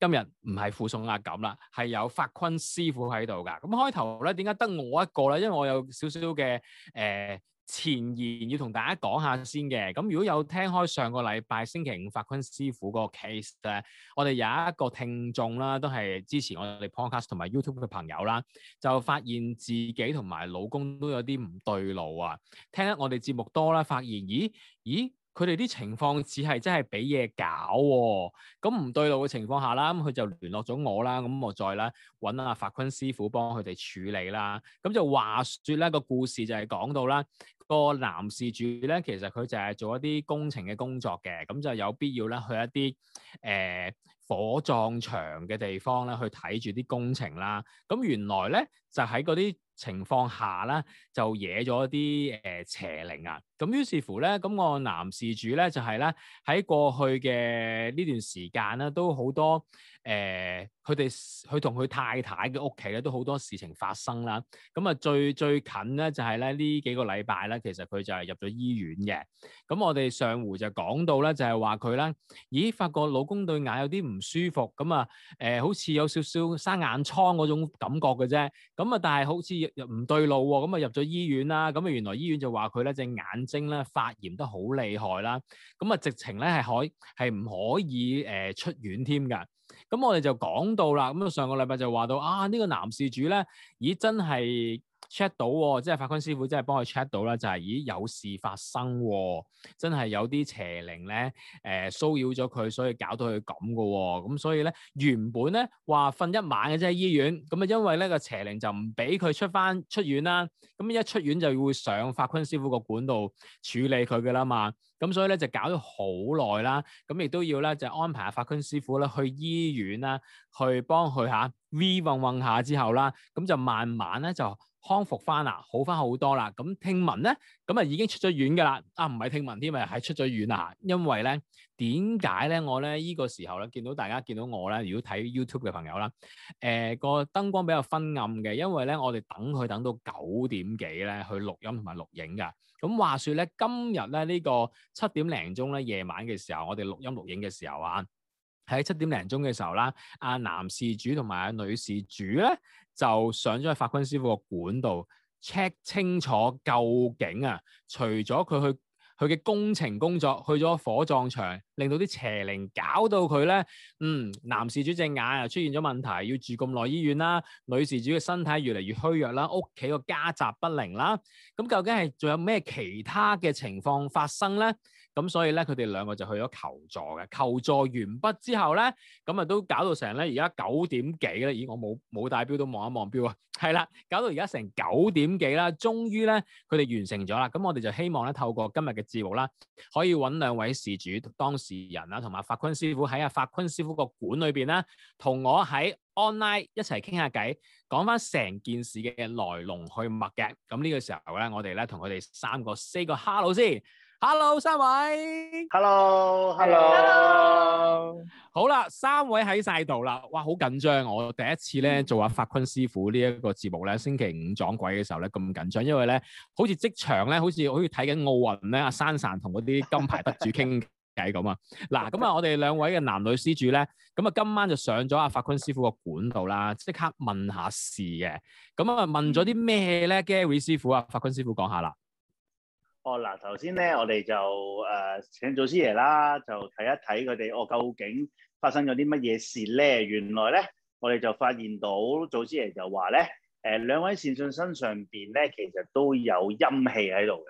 今日唔係附送壓感啦，係有法坤師傅喺度㗎。咁開頭咧，點解得我一個咧？因為我有少少嘅誒前言要同大家講下先嘅。咁如果有聽開上個禮拜星期五法坤師傅個 case 咧，我哋有一個聽眾啦，都係支持我哋 Podcast 同埋 YouTube 嘅朋友啦，就發現自己同埋老公都有啲唔對路啊。聽得我哋節目多啦，發現咦咦～咦佢哋啲情況只係真係俾嘢搞喎，咁、嗯、唔對路嘅情況下啦，咁佢就聯絡咗我啦，咁、嗯、我再啦揾阿法坤師傅幫佢哋處理啦。咁、嗯、就話説咧個故事就係講到啦，個男事主咧其實佢就係做一啲工程嘅工作嘅，咁、嗯、就有必要咧去一啲誒、呃、火葬場嘅地方咧去睇住啲工程啦。咁、嗯、原來咧就喺嗰啲情況下咧，就惹咗一啲誒邪靈啊！咁於是乎咧，咁個男事主咧就係咧喺過去嘅呢段時間咧，都好多。誒，佢哋佢同佢太太嘅屋企咧都好多事情發生啦。咁啊，最最近咧就係咧呢幾個禮拜咧，其實佢就係入咗醫院嘅。咁我哋上回就講到咧，就係話佢咧，咦，發覺老公對眼有啲唔舒服，咁啊誒，好似有少少生眼瘡嗰種感覺嘅啫。咁啊，但係好似又唔對路喎，咁啊入咗醫院啦。咁啊，原來醫院就話佢咧隻眼睛咧發炎得好厲害啦。咁啊，直情咧係可係唔可以誒、呃、出院添㗎？咁我哋就講到啦，咁啊上個禮拜就話到啊呢個男事主咧，咦真係～check 到、哦、即係法坤師傅真、就係，即係幫佢 check 到啦，就係咦有事發生喎、哦，真係有啲邪靈咧誒、呃、騷擾咗佢，所以搞到佢咁噶喎，咁所以咧原本咧話瞓一晚嘅啫，醫院咁啊，因為咧個邪靈就唔俾佢出翻出院啦，咁一出院就要上法坤師傅個管度處理佢噶啦嘛，咁所以咧就搞咗好耐啦，咁亦都要咧就安排法坤師傅咧去醫院啦，去幫佢吓。V 運運下之後啦，咁就慢慢咧就康復翻啦，好翻好多啦。咁聽聞咧，咁啊已經出咗院噶啦。啊，唔係聽聞添，咪係出咗院啦。因為咧，點解咧？我咧呢、呢個時候咧，見到大家見到我咧，如果睇 YouTube 嘅朋友啦，誒、呃、個燈光比較昏暗嘅，因為咧我哋等佢等到九點幾咧去錄音同埋錄影㗎。咁話説咧，今日咧呢、呢個七點零鐘咧夜晚嘅時候，我哋錄音錄影嘅時候啊。喺七點零鐘嘅時候啦，阿男事主同埋阿女事主咧就上咗去法昆師傅個館度 check 清楚究竟啊，除咗佢去佢嘅工程工作去咗火葬場，令到啲邪靈搞到佢咧，嗯，男事主隻眼又出現咗問題，要住咁耐醫院啦，女事主嘅身體越嚟越虛弱啦，屋企個家宅不寧啦，咁究竟係仲有咩其他嘅情況發生咧？咁所以咧，佢哋兩個就去咗求助嘅。求助完畢之後咧，咁啊都搞到成咧，而家九點幾咧。咦，我冇冇帶表，都望一望表啊。係啦，搞到而家成九點幾啦，終於咧佢哋完成咗啦。咁我哋就希望咧透過今日嘅節目啦，可以揾兩位事主、當事人啊，同埋法坤師傅喺啊法坤師傅個館裏邊啦，同我喺 online 一齊傾下偈，講翻成件事嘅來龍去脈嘅。咁呢個時候咧，我哋咧同佢哋三個 say 個 hello 先。Hello，三位。Hello，Hello，Hello Hello。Hello. 好啦，三位喺晒度啦，哇，好緊張！我第一次咧做阿法坤師傅節呢一個節目咧，星期五撞鬼嘅時候咧咁緊張，因為咧好似職場咧，好似好似睇緊奧運咧，阿珊珊同嗰啲金牌得主傾偈咁啊！嗱，咁啊，我哋兩位嘅男女施主咧，咁啊，今晚就上咗阿、啊、法坤師傅個館度啦，即刻問下事嘅。咁啊，問咗啲咩咧？Gary 師傅啊，法坤師傅講下啦。哦嗱，頭先咧，我哋就誒、呃、請祖師爺啦，就睇一睇佢哋，我、哦、究竟發生咗啲乜嘢事咧？原來咧，我哋就發現到祖師爺就話咧，誒、呃、兩位善信身上邊咧，其實都有陰氣喺度嘅。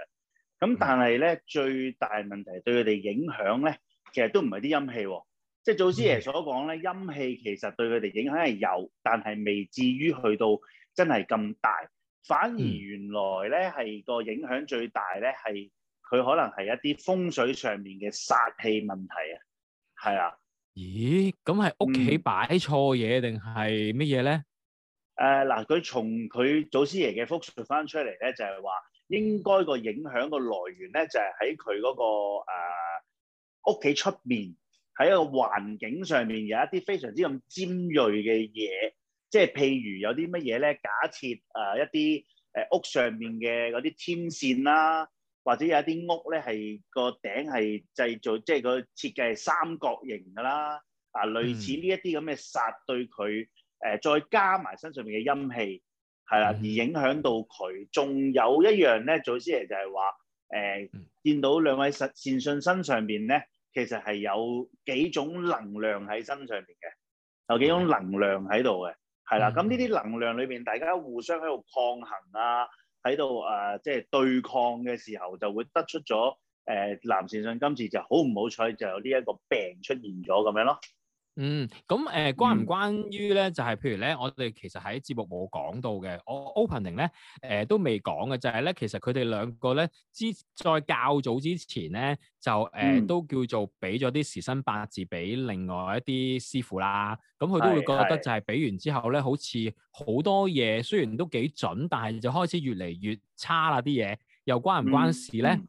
咁但係咧，最大問題對佢哋影響咧，其實都唔係啲陰氣、哦，即係祖師爺所講咧，陰氣其實對佢哋影響係有，但係未至於去到真係咁大。反而原來咧係個影響最大咧，係佢可能係一啲風水上面嘅煞氣問題啊，係啊。咦，咁係屋企擺錯嘢定係乜嘢咧？誒、嗱佢從佢祖師爺嘅複述翻出嚟咧，就係話應該個影響個來源咧，就係喺佢嗰個誒、屋企出面，喺一個環境上面有一啲非常之咁尖銳嘅嘢。即係譬如有啲乜嘢咧？假設誒、呃、一啲誒、呃、屋上面嘅嗰啲天線啦、啊，或者有一啲屋咧係個頂係製造，即係個設計係三角形㗎啦。啊，類似呢一啲咁嘅煞對佢誒、呃，再加埋身上面嘅陰氣，係啦、啊，而影響到佢。仲有一樣咧，祖師爺就係話誒，見到兩位善善信身上邊咧，其實係有幾種能量喺身上邊嘅，有幾種能量喺度嘅。係啦，咁呢啲能量裏邊，大家互相喺度抗衡啊，喺度誒，即係對抗嘅時候，就會得出咗誒，男善信今次就好唔好彩，就有呢一個病出現咗咁樣咯。嗯，咁誒、呃、關唔關於咧？嗯、就係譬如咧，我哋其實喺節目冇講到嘅，我 opening 咧誒、呃、都未講嘅，就係、是、咧其實佢哋兩個咧之在較早之前咧就誒、呃嗯、都叫做俾咗啲時辰八字俾另外一啲師傅啦，咁佢都會覺得就係俾完之後咧，好似好多嘢雖然都幾準，但係就開始越嚟越差啦啲嘢，又關唔關事咧？嗯嗯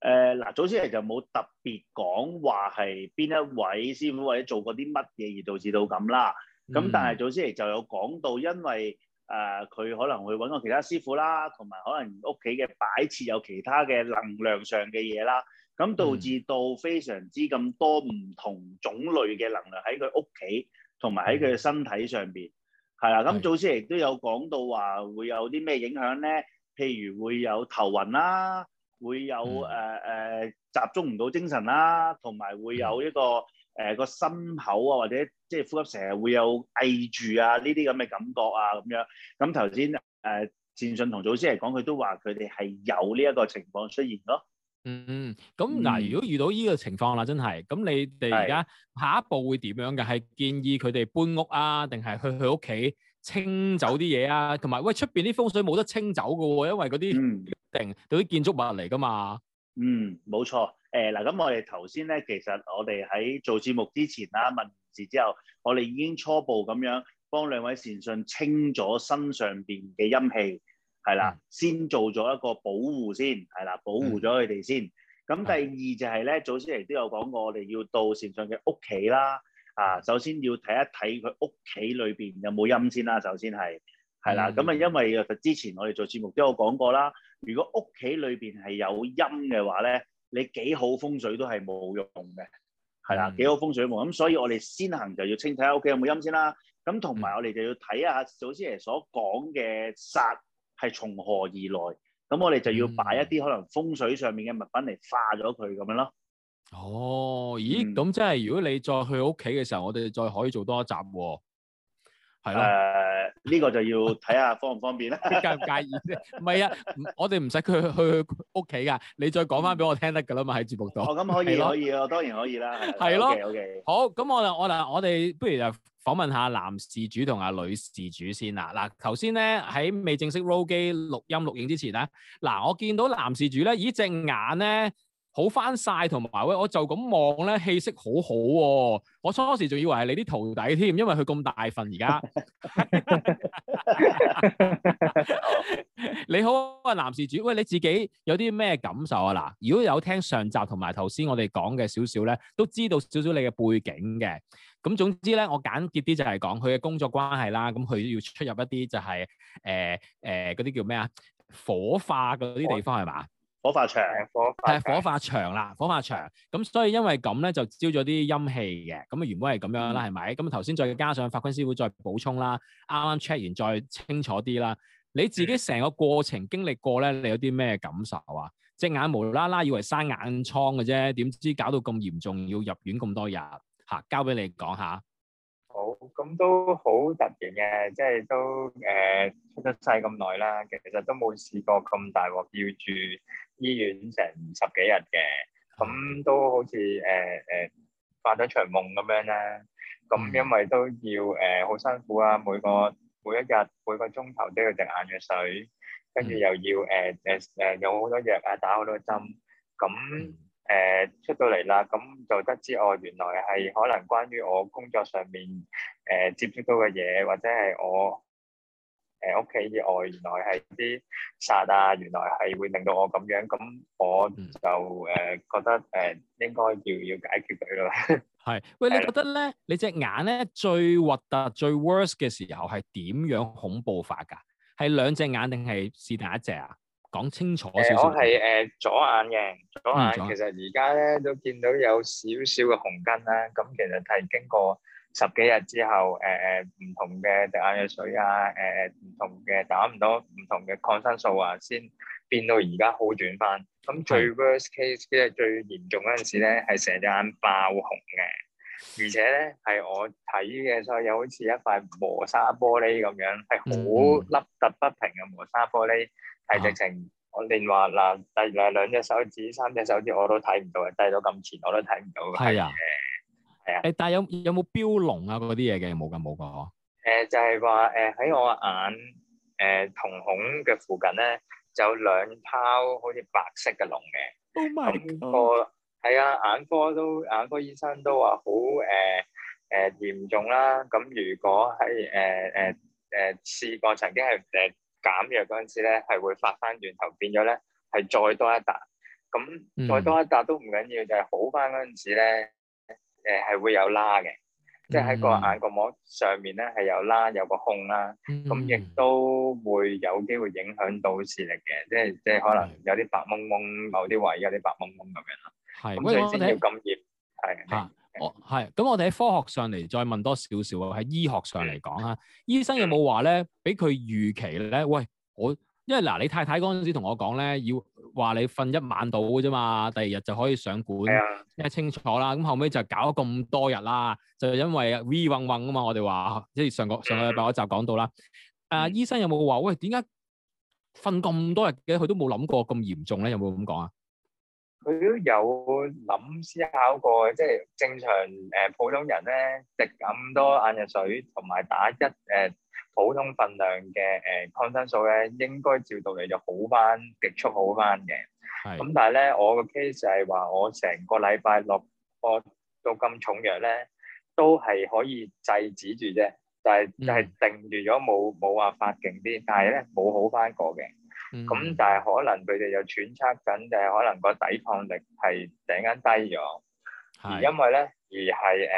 誒嗱、呃，祖先爺就冇特別講話係邊一位師傅或者做過啲乜嘢而導致到咁啦。咁、嗯、但係祖先爺就有講到，因為誒佢、呃、可能會揾過其他師傅啦，同埋可能屋企嘅擺設有其他嘅能量上嘅嘢啦，咁、嗯、導致到非常之咁多唔同種類嘅能量喺佢屋企同埋喺佢嘅身體上面係啦。咁、嗯、祖先爺都有講到話會有啲咩影響咧？譬如會有頭暈啦。會有誒誒、嗯呃、集中唔到精神啦，同埋會有一個誒、呃、個心口啊，或者即係呼吸成日會有翳住啊，呢啲咁嘅感覺啊咁樣。咁頭先誒善信同祖師嚟講，佢都話佢哋係有呢一個情況出現咯。嗯，咁嗱，如果遇到呢個情況啦，嗯、真係咁你哋而家下一步會點樣嘅？係建議佢哋搬屋啊，定係去佢屋企清走啲嘢啊？同埋喂，出邊啲風水冇得清走㗎喎，因為嗰啲、嗯。對啲建築物嚟噶嘛？嗯，冇錯。誒、呃，嗱，咁我哋頭先咧，其實我哋喺做節目之前啦，問完事之後，我哋已經初步咁樣幫兩位善信清咗身上邊嘅陰氣，係啦，嗯、先做咗一個保護先，係啦，保護咗佢哋先。咁、嗯、第二就係咧，是的 早先亦都有講過，我哋要到善信嘅屋企啦，啊，首先要睇一睇佢屋企裏邊有冇陰先啦、啊。首先係係啦，咁啊，嗯、因為之前我哋做節目都有講過啦。如果屋企裏邊係有陰嘅話咧，你幾好風水都係冇用嘅。係啦，嗯、幾好風水冇。咁所以我哋先行就要清睇下屋企有冇陰先啦。咁同埋我哋就要睇下祖師爺所講嘅煞係從何而來。咁我哋就要擺一啲可能風水上面嘅物品嚟化咗佢咁樣咯。哦，咦，咁、嗯、即係如果你再去屋企嘅時候，我哋再可以做多一集、哦，係咯。呃呢個就要睇下方唔方便啦， 介唔介意啫？唔係啊，我哋唔使佢去屋企噶，你再講翻俾我聽得㗎啦嘛，喺節目度。我咁、 哦嗯、可以 可以啊、哦，當然可以啦。係咯。O K O K 好，咁我嗱我嗱，我哋不如就訪問下男事主同阿女事主先啊。嗱頭先咧喺未正式 roll 機錄音錄影之前咧，嗱、啊、我見到男事主咧，依隻眼咧。好翻晒，同埋喂，我就咁望咧，氣色好好、啊、喎。我初時仲以為係你啲徒弟添，因為佢咁大份而家。 你好啊，男事主，喂，你自己有啲咩感受啊？嗱，如果有聽上集同埋頭先我哋講嘅少少咧，都知道少少你嘅背景嘅。咁總之咧，我簡潔啲就係講佢嘅工作關係啦。咁佢要出入一啲就係誒誒嗰啲叫咩啊？火化嗰啲地方係嘛？火化場係火化場啦，火化場咁，火火，所以因為咁咧就招咗啲陰氣嘅。咁啊原本係咁樣啦，係咪？咁啊頭先再加上法官師傅再補充啦，啱啱 check 完再清楚啲啦。你自己成個過程經歷過咧，你有啲咩感受啊？隻眼無啦啦以為生眼瘡嘅啫，點知搞到咁嚴重，要入院咁多日吓，啊，交俾你講下。好，咁都好突然嘅，即係都誒、呃、出咗世咁耐啦，其實都冇試過咁大鑊要住。醫院成十幾日嘅，咁都好似誒誒發咗場夢咁樣啦。咁因為都要誒好、呃、辛苦啊，每個、嗯、每一日每個鐘頭都要滴眼藥水，跟住又要誒誒誒用好多藥啊，打好多針。咁誒、嗯呃、出到嚟啦，咁就得知我原來係可能關於我工作上面誒、呃、接觸到嘅嘢，或者係我。誒屋企以外原，原來係啲沙啊，原來係會令到我咁樣，咁我就誒覺得誒應該要要解決佢啦。係， 喂，你覺得咧，你隻眼咧最核突、最 worse 嘅時候係點樣恐怖法㗎？係兩隻眼定係是哪一隻啊？講清楚少少。誒、呃，我係、呃、左眼嘅，左眼其實而家咧都見到有少少嘅紅筋啦，咁、嗯、其實係經過。十幾日之後，誒、呃、誒，唔同嘅滴眼藥水、呃、不不啊，誒唔同嘅打唔到，唔同嘅抗生素啊，先變到而家好轉翻。咁最 worst case 即係最嚴重嗰陣時咧，係成隻眼爆紅嘅，而且咧係我睇嘅，所以有好似一塊磨砂玻璃咁樣，係好凹凸不平嘅磨砂玻璃，係直情、嗯嗯、我連話嗱，第二兩隻手指、三隻手指我都睇唔到嘅，低到咁前我都睇唔到嘅係啊。誒，但係有有冇標膿啊？嗰啲嘢嘅冇㗎，冇個嗬。就係話誒，喺、呃、我眼誒、呃、瞳孔嘅附近咧，就有兩泡好似白色嘅膿嘅。都 h、oh、my god 係、咁個、啊，眼科都眼科醫生都話好誒誒嚴重啦。咁如果係誒誒誒試過曾經係誒減藥嗰陣時咧，係會發翻轉頭變咗咧，係再多一笪。咁再多一笪都唔緊要緊，就係好翻嗰陣時咧。誒係會有拉嘅，即係喺個眼角膜，膜上面咧係有拉有個窿啦，咁亦、嗯、都會有機會影響到視力嘅，即係即係可能有啲白蒙蒙，某啲位有啲白蒙蒙咁樣啦。係是，咁最緊要金液係啊，我係看。咁我哋喺科學上嚟再問多少少啊，喺醫學上嚟講啊，是醫生有冇話咧，俾佢預期咧？喂，我。因為嗱，你太太嗰陣時同我講咧，要話你瞓一晚到啫嘛，第二日就可以上館，因為的清，清楚啦。咁後尾就搞咗咁多日啦，就因為 we 混混啊嘛。我哋話即係上個上個禮拜嗰集講到啦。誒、嗯啊，醫生有冇話喂，點解瞓咁多日嘅？佢都冇諗過咁嚴重咧。有冇咁講啊？佢都有諗思考過，即、就、係、是、正常誒、呃、普通人咧，食咁多眼藥水同埋打一誒。呃普通份量嘅誒抗生素咧，呃、 應該照道理就好翻，極速好翻嘅。咁是但係咧，我，case 我個 case 就係話，我成個禮拜落我到咁重藥咧，都係可以制止住啫，但係就係定住咗冇冇話發勁啲，但係咧冇好翻過嘅。咁、嗯、但係可能佢哋又揣測緊，就係可能個抵抗力係突然間低咗。而因為咧，而係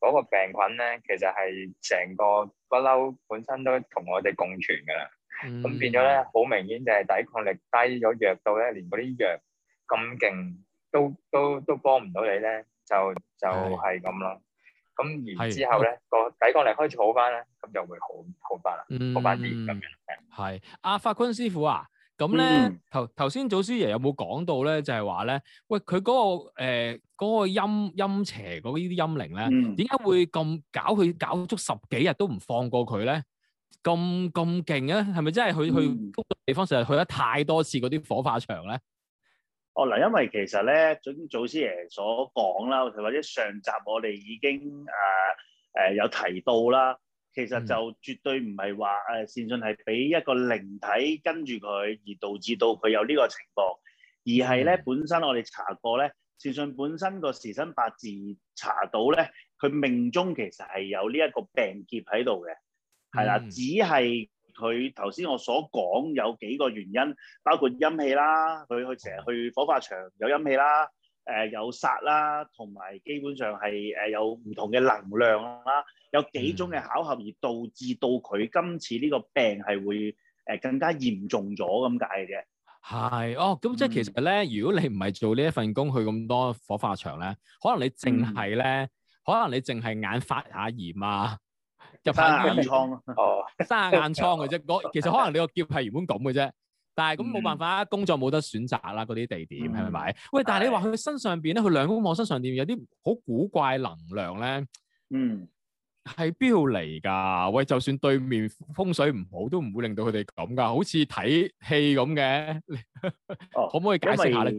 誒嗰個病菌咧，其實係成個不嬲本身都同我哋共存噶啦，咁、嗯、變咗咧，好明顯就係抵抗力低咗，弱到咧連嗰啲藥咁勁都都都幫唔到你咧，就就係咁咯。咁然的之後咧，個的抵抗力開始好翻咧，咁、嗯、就會好好翻啦，好翻啲咁樣。係阿、嗯啊、法坤師傅啊。咁咧，頭頭先祖師爺有冇講到咧？就係話咧，喂，佢嗰個誒嗰個陰陰邪嗰啲陰靈咧，點解會咁搞佢，搞足十幾日都唔放過佢咧？咁咁勁啊？係咪真係佢去嗰個地方成日去得太多次嗰啲火化場咧？哦，嗱，因為其實咧，總之祖師爺所講啦，或者上集我哋已經誒誒有提到啦。其實就絕對唔係話誒善信係俾一個靈體跟住佢，而導致到佢有呢個情況，而係咧、嗯、本身我哋查過咧，善信本身個時辰八字查到咧，佢命中其實係有呢一個病劫喺度嘅，係啦，嗯、只係佢頭先我所講有幾個原因，包括陰氣啦，佢佢成日去火化場有陰氣啦。誒、呃、有煞啦，同埋基本上係誒、呃、有唔同嘅能量啦，有幾種嘅巧合而導致到佢今次呢個病係會誒、呃、更加嚴重咗咁解嘅。係哦，咁即係其實咧，如果你唔係做呢一份工去咁多火化場咧，可能你淨係咧，嗯、可能你淨係眼發下炎啊，生下眼瘡咯， 生下眼瘡嘅啫。 其實可能你個劫係原本咁嘅啫。但係咁冇辦法，嗯、工作冇得選擇啦，嗰啲地點係咪、嗯、喂，但係你話佢身上邊咧，佢兩公婆身上邊有啲好古怪能量咧，嗯，係邊度嚟㗎？喂，就算對面風水唔好，都唔會令到佢哋咁㗎，好似睇戲咁嘅。 哦，可唔可以解釋下咧？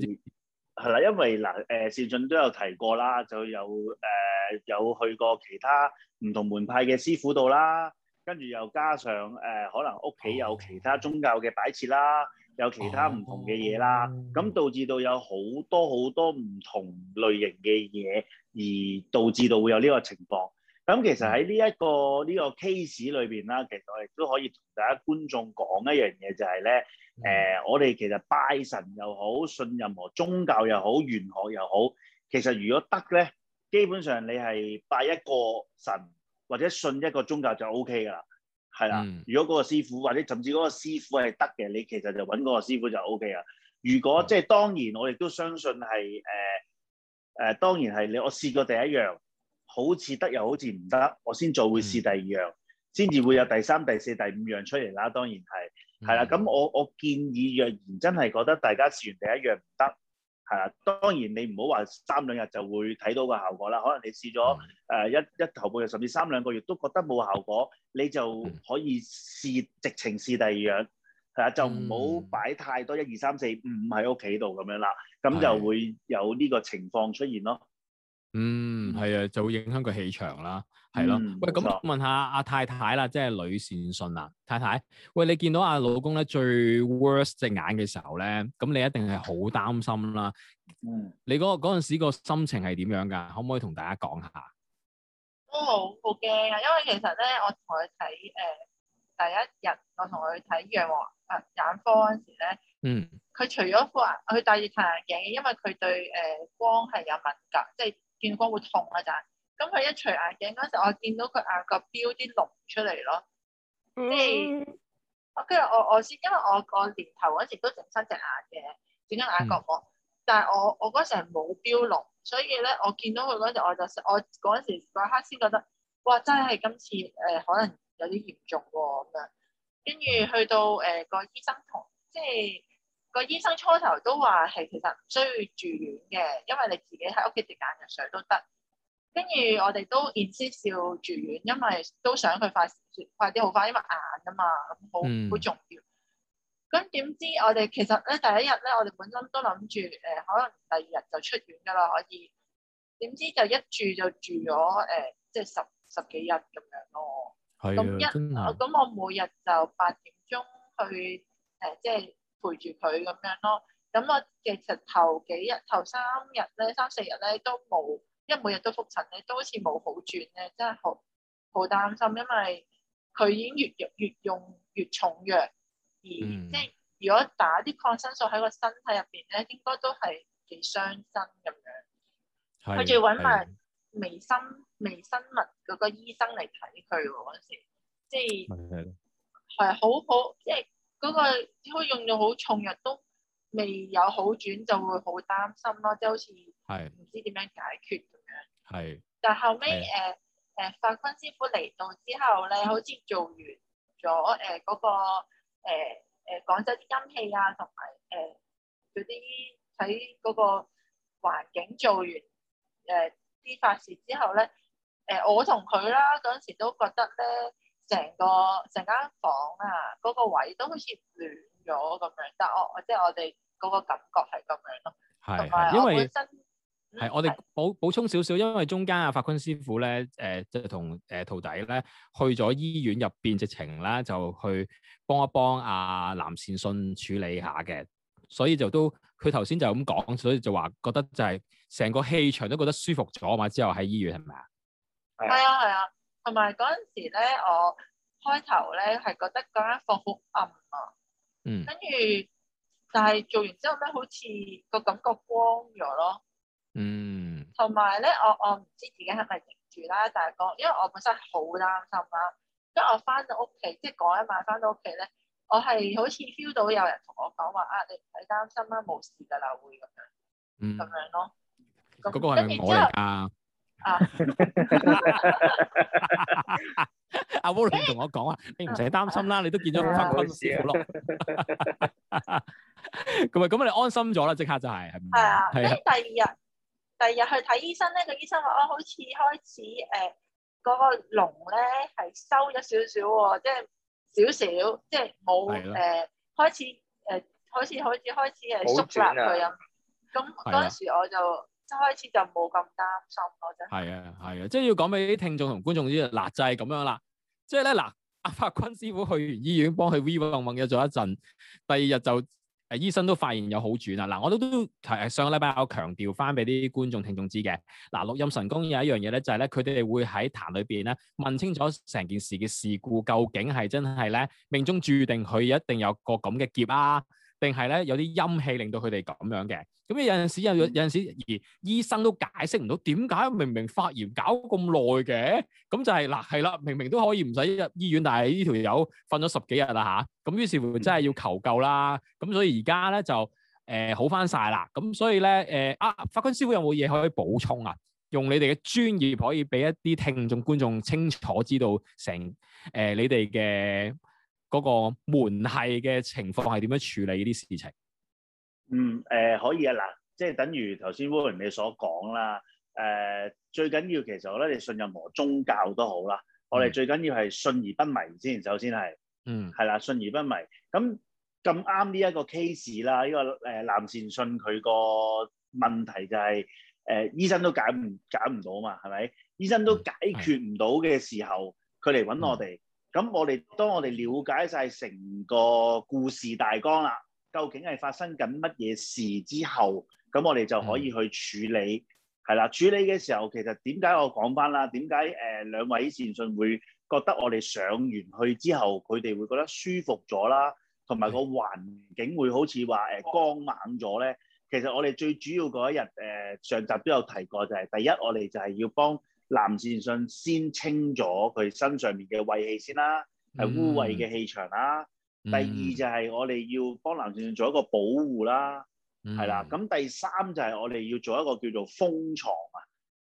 係啦為，因為嗱，誒、呃，少俊都有提過啦，就有誒、呃，有去過其他唔同門派嘅師傅度啦。跟住又加上誒、呃，可能屋企有其他宗教嘅擺設啦，有其他唔同嘅嘢啦，咁 導致到有好多好多唔同類型嘅嘢，而導致到會有呢個情況。咁其實喺呢一個呢、呢個 case 裏邊啦，其實我亦都可以同大家觀眾講一樣嘢，就係，就係咧誒，我哋其實拜神又好，信任何宗教又好，玄學又好，其實如果得咧，基本上你係拜一個神。或者信一個宗教就 O K 㗎喇，係啦。嗯、如果嗰個師傅或者甚至嗰個師傅係得嘅，你其實就揾嗰個師傅就 O K 喇。如果即係、就是、當然，我亦都相信係誒誒，當然係你我試過第一樣好似得又好似唔得，我先做會試第二樣，先至、嗯、會有第三、第四、第五樣出嚟啦。當然係係啦。咁、嗯、我我建議，若然真係覺得大家試完第一樣唔得。係啦，當然你唔好話三兩日就會睇到個效果啦。可能你試咗誒一一頭半日，甚至三兩個月都覺得冇效果，你就可以試直情試第二樣。係啊，就唔好擺太多一二三四五喺屋企度咁樣啦，咁就會有呢個情況出現咯。嗯，係啊，就會影響個氣場啦。係咯，嗯、喂，咁錯問下阿太太啦，即係女善信啦，太太，喂，你見到阿老公咧最 worst 隻眼嘅時候咧，咁你一定係好擔心啦。嗯，你嗰嗰陣時個心情係點樣㗎？可唔可以同大家講下？都好、嗯，好驚啊！因為其實咧，我同佢睇誒第一日，我同佢睇陽王、呃、眼科嗰陣時咧，嗯，佢除咗副眼，佢戴住太陽鏡嘅，因為佢對誒、呃、光係有敏感，即係見光會痛啊，就咁佢一除眼鏡嗰時，我見到佢眼角飆啲膿出嚟咯，即係、嗯，跟住我我先，因為我個年頭嗰時都整返隻眼嘅，整咗眼角膜，但係我我嗰陣時係冇飆膿，所以咧我見到佢嗰陣時我就我嗰陣時嗰刻先覺得，哇！真係今次誒、呃、可能有啲嚴重喎咁樣，跟住去到誒、呃、個醫生同，即係個醫生初頭都話係其實唔需要住院嘅，因為你自己喺屋企滴眼藥水都得。跟住我哋都 i n s 住院，因為都想佢快快啲好快，因為眼啊嘛，咁好好重要。咁點、嗯、知我哋其實咧第一日咧，我哋本身都諗住誒，可能第二日就出院噶啦，可以點知就一住就住咗誒、呃，即係十十幾日咁樣咯。係咁的一咁我每日就八點鐘去誒、呃，即係陪住佢咁樣咯。咁我其實頭幾日頭三日咧，三四日咧都冇。因為每日都覆診咧，都好似冇好轉咧，真係好好擔心。因為佢已經越用越，越用越重藥，而、嗯、即係如果打啲抗生素喺個身體入邊咧，應該都係幾傷身咁樣。佢仲是要搵埋微生的微生物嗰個醫生嚟睇佢嗰時，即係係的好好，即係嗰、嗰個只可以用咗好重藥都未有好轉，就會好擔心咯。即係好似唔知點樣解決的。係，是但後尾誒誒法坤師傅嚟到之後咧，好似做完咗誒嗰個誒誒講咗啲陰氣啊，同埋誒嗰啲喺嗰個環境做完誒啲、呃、法事之後咧，誒、呃、我同佢啦嗰陣時都覺得咧，成個成間房啊嗰、那個位都好似暖咗咁樣，但係我即係、就是、我哋嗰個感覺係咁樣咯，係係的同埋因為。係，我哋補補充少少，因為中間阿法坤師傅咧，誒、呃，即係同誒徒弟咧，去咗醫院入邊直情啦，就去幫一幫阿、啊、藍善信處理下嘅，所以就都佢頭先就咁講，所以就話覺得就係成個氣場都覺得舒服咗嘛。之後喺醫院係咪啊？係啊，係啊，同埋嗰陣時咧，我開頭咧係覺得嗰間房好暗啊，嗯，跟住但係做完之後咧，好似個感覺光咗咯。嗯，同埋咧，我我唔知自己係咪頂住啦，大哥，因為我本身好擔心啦，因為我翻到屋企，即係嗰一晚翻到屋企咧，我係好似 feel 到有人同我講話啊，你唔使擔心啦，冇事噶啦，會咁樣，嗯，咁樣咯，咁嗰個係我啊，阿 Wallen 同我講啊，你唔使擔心啦，你都見咗翻坤師傅咯，咁啊，咁你安心咗啦，即刻就係，係啊，係啊，第二日。第二日去睇醫生咧，個醫生話：哦，好似開始誒嗰、呃那個窿咧係收咗少少喎，即、就、係、是、少少，即係冇誒開始誒、呃，好似好似開始係縮納佢啊。咁嗰陣時我就一的開始就冇咁擔心嗰陣。係、就是就是、啊，係啊，即係要講俾啲聽眾同觀眾知，嗱，就係咁樣啦。即係咧嗱，阿柏坤師傅去完醫院幫佢 V v 揾揾嘢咗一陣，第二日就。醫生都發現有好轉啦！嗱，我都都係上個禮拜有強調翻俾啲觀眾聽眾知嘅。嗱，六壬神功有一樣嘢咧，就係咧，佢哋會喺壇裏邊咧問清楚成件事嘅事故，究竟係真係咧命中注定佢一定有個咁嘅劫啊！定係咧有啲陰氣令到佢哋咁樣嘅，咁有陣時有有陣時而醫生都解釋唔到點解明明發炎搞咁耐嘅，咁就係嗱係啦，明明都可以唔使入醫院，但係呢條友瞓咗十幾日啦，嚇，咁於是乎真係要求救啦，咁所以而家咧就誒好返曬啦，咁所以咧誒啊，法官師傅有冇嘢可以補充啊？用你哋嘅專業可以俾一啲聽眾觀眾清楚知道成誒你哋嘅。.嗰個門係嘅情況係點樣處理呢啲事情？嗯，誒、呃、可以啊，嗱，即係等於頭先 William 你所講啦，誒、呃、最緊要其實我覺得你信任何宗教都好啦，嗯、我哋最緊要係信而不迷先，首先係，嗯，係啦，信而不迷。咁咁啱呢一個 case 啦、這個，呢個誒藍善信佢個問題就係誒醫生都解唔解唔到啊嘛，係、呃、咪？醫生都解，解，、嗯、醫生都解決唔到嘅時候，佢嚟揾我哋。咁我哋當我哋了解晒成個故事大綱啦，究竟係發生緊乜嘢事之後，咁我哋就可以去處理，係啦、嗯。處理嘅時候，其實點解我講翻啦？點解誒兩位善信會覺得我哋上完去之後，佢哋會覺得舒服咗啦，同埋個環境會好似話誒光猛咗咧？其實我哋最主要嗰一日誒、呃、上集都有提過、就係，就係第一，我哋就係要幫。南善信先清咗佢身上面嘅胃氣先啦，係、嗯、污穢嘅氣場啦。嗯、第二就係我哋要幫男善信做一個保護啦、係、嗯、啦。咁第三就係我哋要做一個叫做封床啊，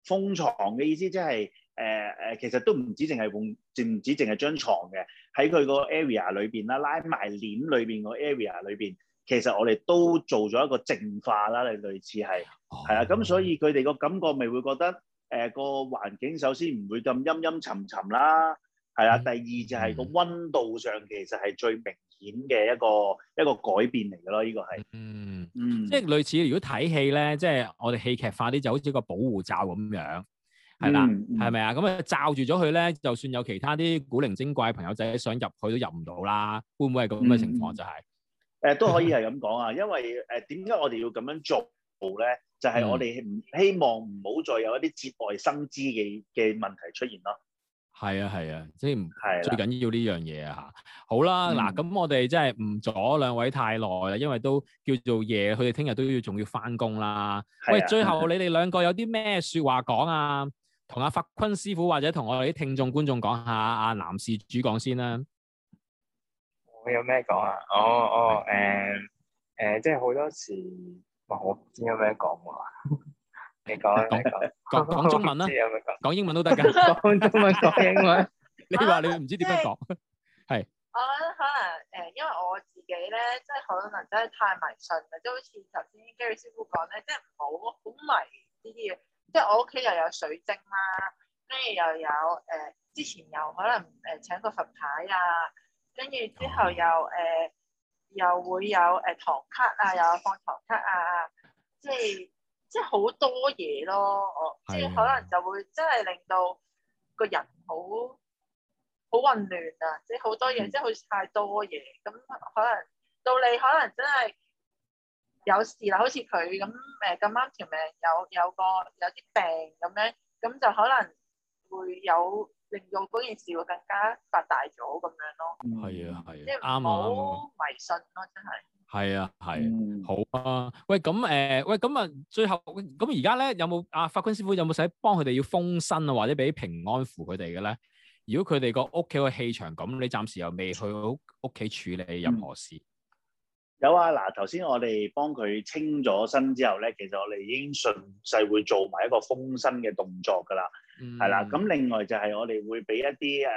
封床嘅意思即係誒誒，其實都唔止淨係、呃、用，淨唔止淨係張床嘅，喺佢個 area 裏邊啦，拉埋簾裏邊個 area 裏邊，其實我哋都做咗一個淨化啦，你類似係，係啊。咁所以佢哋個感覺咪會覺得。誒、呃、個環境首先唔會咁陰陰沉沉啦，係啦。第二就係個溫度上其實係最明顯嘅一個一個改變嚟嘅咯，呢、這個係。嗯嗯，嗯即係類似如果睇戲咧，即係我哋戲劇化啲，就好似個保護罩咁樣，係啦，係咪啊？咁啊、嗯嗯、罩住咗佢咧，就算有其他啲古靈精怪朋友仔想入去都入唔到啦。會唔會係咁嘅情況就係、是？誒、嗯呃、都可以係咁講啊， 因為誒點解我哋要咁樣做咧？就係我哋唔希望唔好再有一啲節外生枝嘅嘅問題出現咯。係啊係啊，即係唔係最緊要呢樣嘢啊嚇。好啦嗱，咁、嗯、我哋真係唔阻兩位太耐啦，因為都叫做夜。佢哋聽日都要仲要翻工啦。啊、喂，最後你哋兩個有啲咩説話講啊？同阿、啊、法坤師傅或者同我哋啲聽眾觀眾講下。阿男事主講先啦、啊。我有咩講啊？哦、oh, oh, um, 呃，哦、呃，誒、呃、誒，即係好多時。我唔知有咩講喎，你 講，講講中文啦，有 講英文都得噶， 講中文，講英文。 你話你唔知點樣講，係。我覺得可能誒、呃，因為我自己咧，即係可能真係太迷信啦，即係好似頭先 Gary 師傅講咧，即係好好迷呢啲嘢。即係我屋企又有水晶啦，跟住又有誒、呃，之前又可能誒請個佛牌啊，跟住之後又誒。呃又會有誒糖卡啊，又有放糖卡啊，即係即係好多嘢咯，我 即係可能就會真係令到個人好好混亂啊，即係好多嘢，嗯、即係好似太多嘢咁，可能到你可能真係有事啦，好似佢咁誒咁啱條命有有個有啲病咁樣，咁就可能會有。令到嗰件事會更加發大咗咁樣咯，係啊係啊，啊即係唔好迷信咯，真係。係啊係啊，好啊。喂咁誒，喂咁啊，最後咁而家咧有冇啊法君師傅有冇使幫佢哋要封身啊，或者俾平安符佢哋嘅咧？如果佢哋個屋企個氣場咁，你暫時又未去到屋企處理任何事，嗯有啊，嗱，頭先我哋幫佢清咗身之後咧，其實我哋已經順勢會做埋一個封身嘅動作㗎啦，係啦、嗯。咁另外就係我哋會俾一啲誒、呃，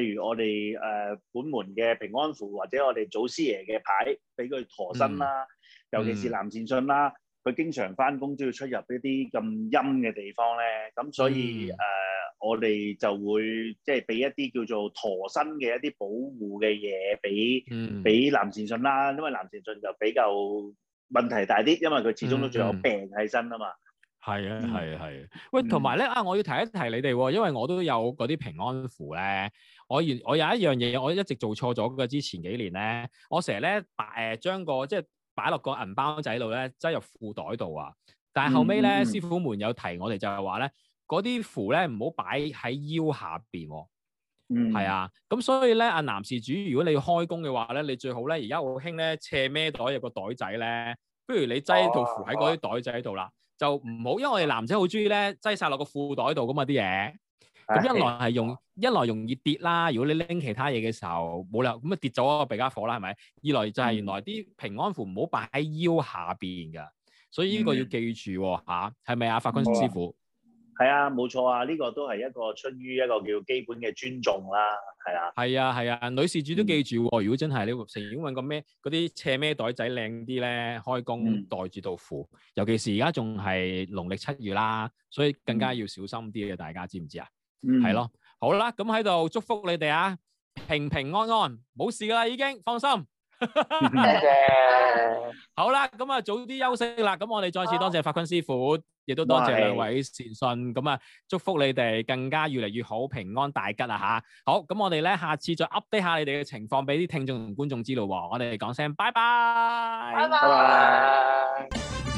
譬如我哋誒、呃、本門嘅平安符或者我哋祖師爺嘅牌俾佢陀身啦，嗯、尤其是南善信啦。嗯佢經常翻工都要出入一啲咁陰嘅地方咧，咁、嗯、所以誒、呃，我哋就會即係俾一啲叫做陀身嘅一啲保護嘅嘢俾俾藍善信啦，因為藍善信就比較問題大啲，因為佢始終都仲有病喺身啊嘛。係、嗯、啊，係啊，係、啊。喂、啊，同埋咧啊，我要提一提你哋喎，因為我都有嗰啲平安符咧，我原我有一樣嘢，我一直做錯咗嘅，之前幾年咧，我成日咧白誒將個即係。擺落個銀包仔度咧，擠入褲袋度啊！但係後尾咧，嗯、師傅們有提我哋就係話咧，嗰啲符咧唔好擺喺腰下邊，係啊、嗯！咁所以咧，阿男事主，如果你要開工嘅話咧，你最好咧而家好興咧斜孭袋，入個袋仔咧，不如你擠套符喺嗰啲袋仔度啦，哦、就唔好，因為我哋男仔好中意咧擠晒落個褲袋度噶嘛啲嘢。咁一來係用一來容易跌啦。如果你拎其他嘢嘅時候冇留意，咁啊跌咗個鼻家伙啦，係咪？二來就係原來啲平安符唔好擺喺腰下邊嘅，所以呢個要記住嚇、啊，係咪、嗯、啊，啊，法官師傅？係啊，冇錯啊，呢、呢個都係一個出於一個叫基本嘅尊重啦，係啊，係啊係啊，啊，女事主都記住喎、啊。嗯、如果真係你成日揾個咩嗰啲斜咩袋仔靚啲咧，開工袋住到符，嗯、尤其是而家仲係農曆七月啦，所以更加要小心啲嘅，大家知唔知啊？嗯，係咯，好啦，咁喺度祝福你哋啊，平平安安，冇事噶啦，已經放心。多謝。好啦，咁啊早啲休息啦。咁我哋再次多謝法坤師傅，亦都多謝兩位善信。咁啊，祝福你哋更加越嚟越好，平安大吉啦吓。好，咁我哋咧下次再 update 下你哋嘅情況俾啲聽眾同觀眾知道。我哋講聲拜拜。拜拜。